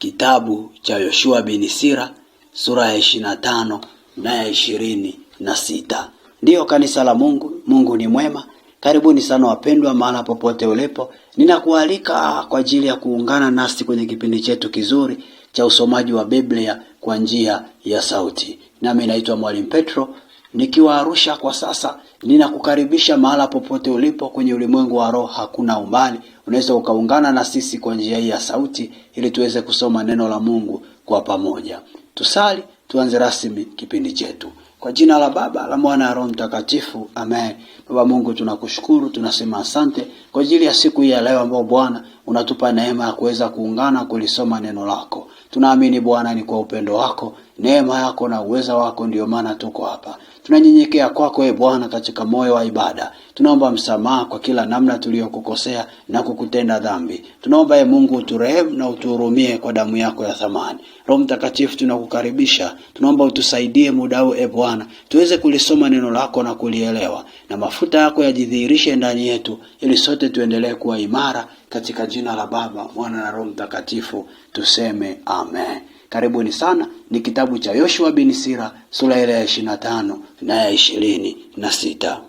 Kitabu cha Yoshua bin Sira sura ya ishirini na tano na ya ishirini na sita. Ndiyo kanisa la Mungu, Mungu ni mwema. Karibuni sana wapendwa, mahala popote ulipo, ninakualika kwa ajili ya kuungana nasi kwenye kipindi chetu kizuri cha usomaji wa Biblia kwa njia ya sauti. Nami naitwa Mwalimu Petro Nikiwa Arusha kwa sasa, ninakukaribisha mahala popote ulipo kwenye ulimwengu wa roho, hakuna umbali. Unaweza ukaungana na sisi kwa njia hii ya sauti ili tuweze kusoma neno la Mungu kwa pamoja. Tusali, tuanze rasmi kipindi chetu. Kwa jina la Baba la Mwana na Roho Mtakatifu, amen. Baba Mungu, tunakushukuru, tunasema asante kwa ajili ya siku hii ya leo ambayo Bwana unatupa neema ya kuweza kuungana kulisoma neno lako. Tunaamini Bwana ni kwa upendo wako neema yako na uweza wako, ndiyo maana tuko hapa. Tunanyenyekea kwako e Bwana katika moyo wa ibada. Tunaomba msamaha kwa kila namna tuliyokukosea na kukutenda dhambi. Tunaomba e Mungu uturehemu na utuhurumie kwa damu yako ya thamani. Roho Mtakatifu, tunakukaribisha. Tunaomba utusaidie muda huu e Bwana, tuweze kulisoma neno lako na kulielewa, na mafuta yako yajidhihirishe ndani yetu, ili sote tuendelee kuwa imara, katika jina la Baba, Mwana na Roho Mtakatifu tuseme amen. Karibuni sana, ni kitabu cha Yoshua bin Sira sura ile ya ishirini na tano na ya ishirini na sita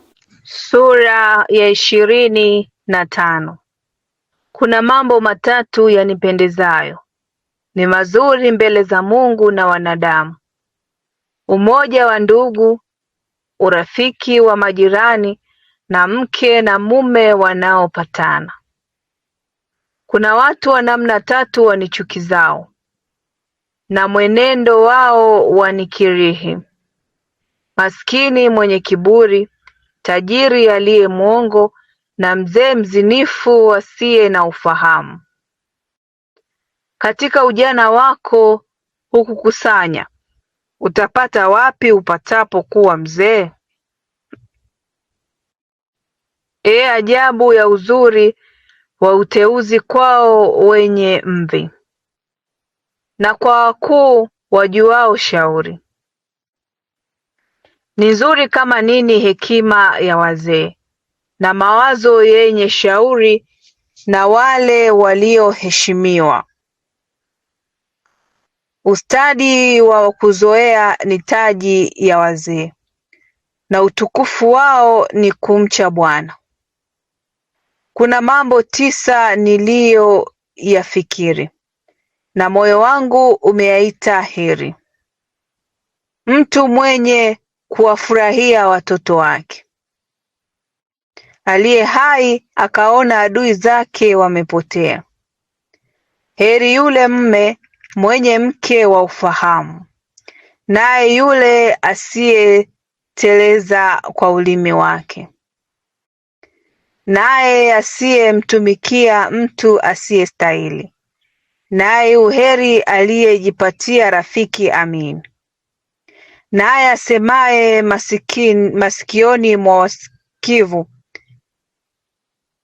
Sura ya ishirini na tano. Kuna mambo matatu yanipendezayo, ni mazuri mbele za Mungu na wanadamu: umoja wa ndugu, urafiki wa majirani, na mke na mume wanaopatana. Kuna watu wa namna tatu wanichukizao: na mwenendo wao wanikirihi, maskini mwenye kiburi, tajiri aliye mwongo, na mzee mzinifu asiye na ufahamu. Katika ujana wako hukukusanya, utapata wapi upatapo kuwa mzee? Ee ajabu ya uzuri wa uteuzi kwao wenye mvi! na kwa wakuu wajuao shauri. Ni nzuri kama nini hekima ya wazee, na mawazo yenye shauri, na wale walioheshimiwa. Ustadi wa kuzoea ni taji ya wazee, na utukufu wao ni kumcha Bwana. Kuna mambo tisa niliyo yafikiri na moyo wangu umeyaita heri, mtu mwenye kuwafurahia watoto wake, aliye hai akaona adui zake wamepotea. Heri yule mme mwenye mke wa ufahamu, naye yule asiyeteleza kwa ulimi wake, naye asiyemtumikia mtu asiyestahili naye uheri aliyejipatia rafiki amin, naye asemaye masikioni mwa wasikivu,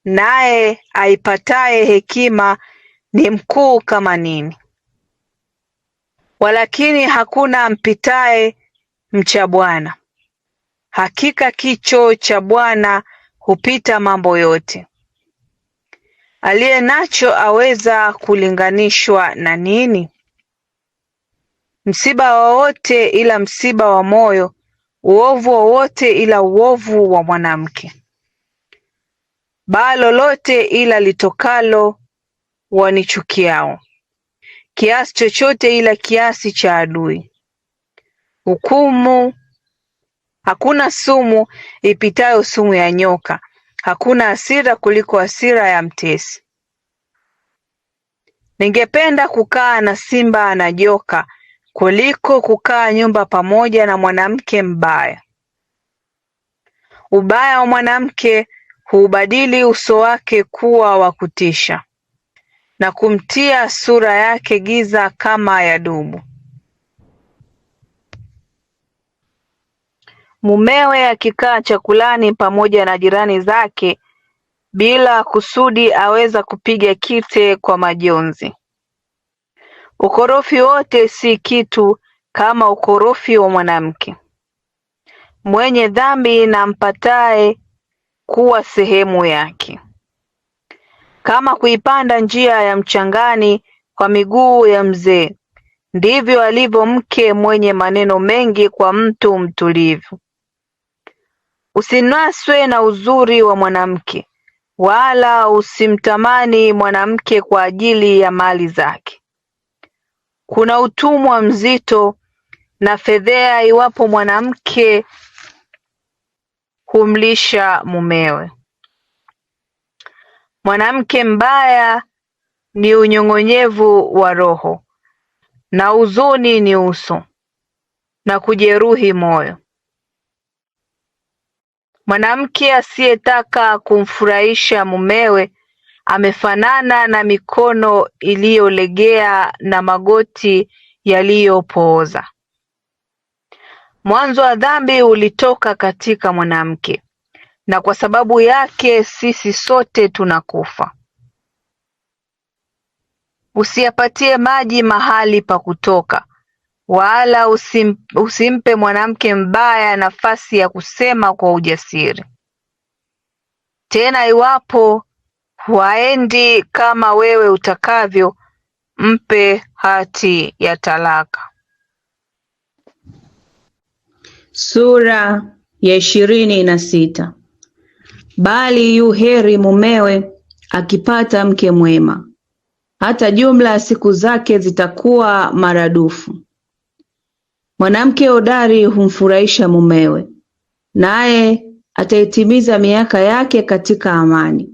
naye aipataye hekima ni mkuu kama nini! Walakini hakuna ampitaye mcha Bwana. Hakika kicho cha Bwana hupita mambo yote, aliye nacho aweza kulinganishwa na nini? Msiba wowote ila msiba wa moyo, uovu wowote ila uovu wa mwanamke, baa lolote ila litokalo wanichukiao, kiasi chochote ila kiasi cha adui, hukumu hakuna sumu ipitayo sumu ya nyoka, Hakuna hasira kuliko hasira ya mtesi. Ningependa kukaa na simba na joka kuliko kukaa nyumba pamoja na mwanamke mbaya. Ubaya wa mwanamke huubadili uso wake kuwa wa kutisha na kumtia sura yake giza kama ya dubu. mumewe akikaa chakulani pamoja na jirani zake bila kusudi aweza kupiga kite kwa majonzi. Ukorofi wote si kitu kama ukorofi wa mwanamke. Mwenye dhambi na mpataye kuwa sehemu yake, kama kuipanda njia ya mchangani kwa miguu ya mzee, ndivyo alivyo mke mwenye maneno mengi kwa mtu mtulivu. Usinaswe na uzuri wa mwanamke, wala usimtamani mwanamke kwa ajili ya mali zake. Kuna utumwa mzito na fedhea iwapo mwanamke humlisha mumewe. Mwanamke mbaya ni unyong'onyevu wa roho, na huzuni ni uso, na kujeruhi moyo. Mwanamke asiyetaka kumfurahisha mumewe amefanana na mikono iliyolegea na magoti yaliyopooza. Mwanzo wa dhambi ulitoka katika mwanamke, na kwa sababu yake sisi sote tunakufa. Usiyapatie maji mahali pa kutoka, wala usimpe mwanamke mbaya nafasi ya kusema kwa ujasiri. Tena iwapo waendi kama wewe utakavyo, mpe hati ya talaka. Sura ya ishirini na sita. Bali yu heri mumewe akipata mke mwema, hata jumla ya siku zake zitakuwa maradufu. Mwanamke hodari humfurahisha mumewe, naye ataitimiza miaka yake katika amani.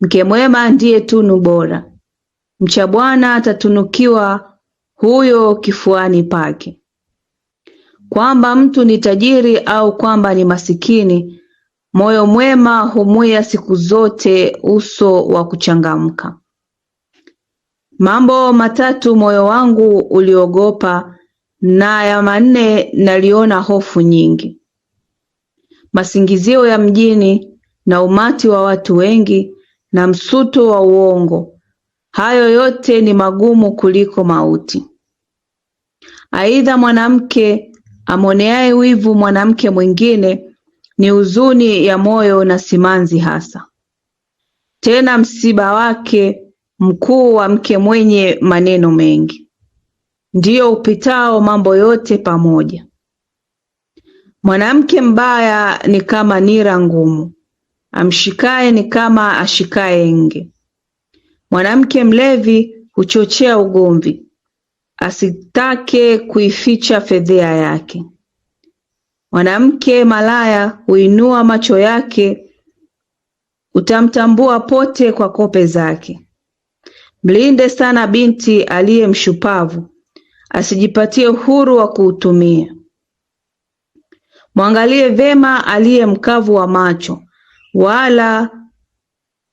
Mke mwema ndiye tunu bora, mcha Bwana atatunukiwa huyo kifuani pake. Kwamba mtu ni tajiri au kwamba ni masikini, moyo mwema humwia siku zote uso wa kuchangamka. Mambo matatu moyo wangu uliogopa na ya manne naliona hofu nyingi, masingizio ya mjini na umati wa watu wengi na msuto wa uongo. Hayo yote ni magumu kuliko mauti. Aidha, mwanamke amoneaye wivu mwanamke mwingine ni huzuni ya moyo na simanzi hasa. Tena msiba wake mkuu wa mke mwenye maneno mengi. Ndio upitao mambo yote pamoja. Mwanamke mbaya ni kama nira ngumu, amshikaye ni kama ashikaye nge. Mwanamke mlevi huchochea ugomvi, asitake kuificha fedhea yake. Mwanamke malaya huinua macho yake, utamtambua pote kwa kope zake. Mlinde sana binti aliye mshupavu asijipatie uhuru wa kuutumia. Mwangalie vema aliye mkavu wa macho, wala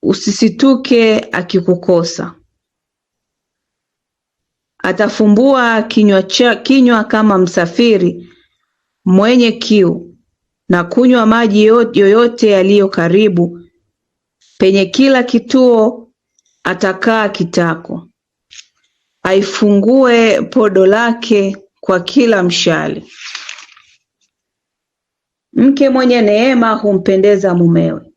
usisituke akikukosa. Atafumbua kinywa, cha, kinywa kama msafiri mwenye kiu na kunywa maji yoyote yaliyo karibu. Penye kila kituo atakaa kitako. Aifungue podo lake kwa kila mshale. Mke mwenye neema humpendeza mumewe,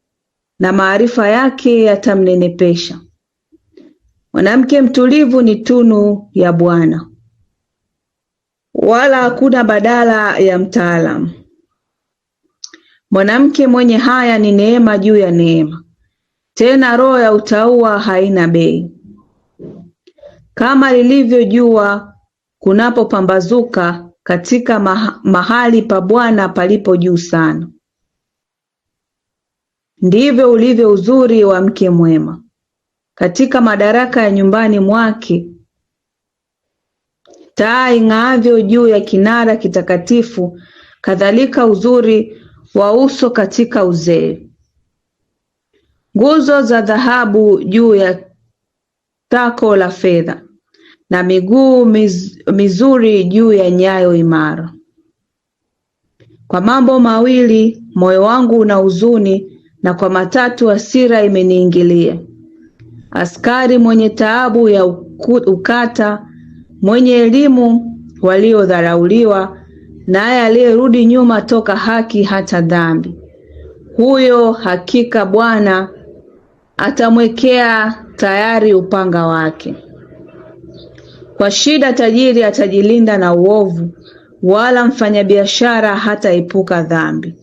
na maarifa yake yatamnenepesha. Mwanamke mtulivu ni tunu ya Bwana, wala hakuna badala ya mtaalamu. Mwanamke mwenye haya ni neema juu ya neema, tena roho ya utaua haina bei kama lilivyo jua kunapopambazuka katika mahali pa Bwana palipo juu sana, ndivyo ulivyo uzuri wa mke mwema katika madaraka ya nyumbani mwake. Taa ing'aavyo juu ya kinara kitakatifu, kadhalika uzuri wa uso katika uzee. Nguzo za dhahabu juu ya tako la fedha na miguu mizuri juu ya nyayo imara. Kwa mambo mawili moyo wangu una huzuni, na kwa matatu hasira imeniingilia. Askari mwenye taabu ya ukata, mwenye elimu waliodharauliwa, naye aliyerudi nyuma toka haki hata dhambi, huyo hakika Bwana atamwekea tayari upanga wake. Kwa shida tajiri atajilinda na uovu, wala mfanyabiashara hataepuka dhambi.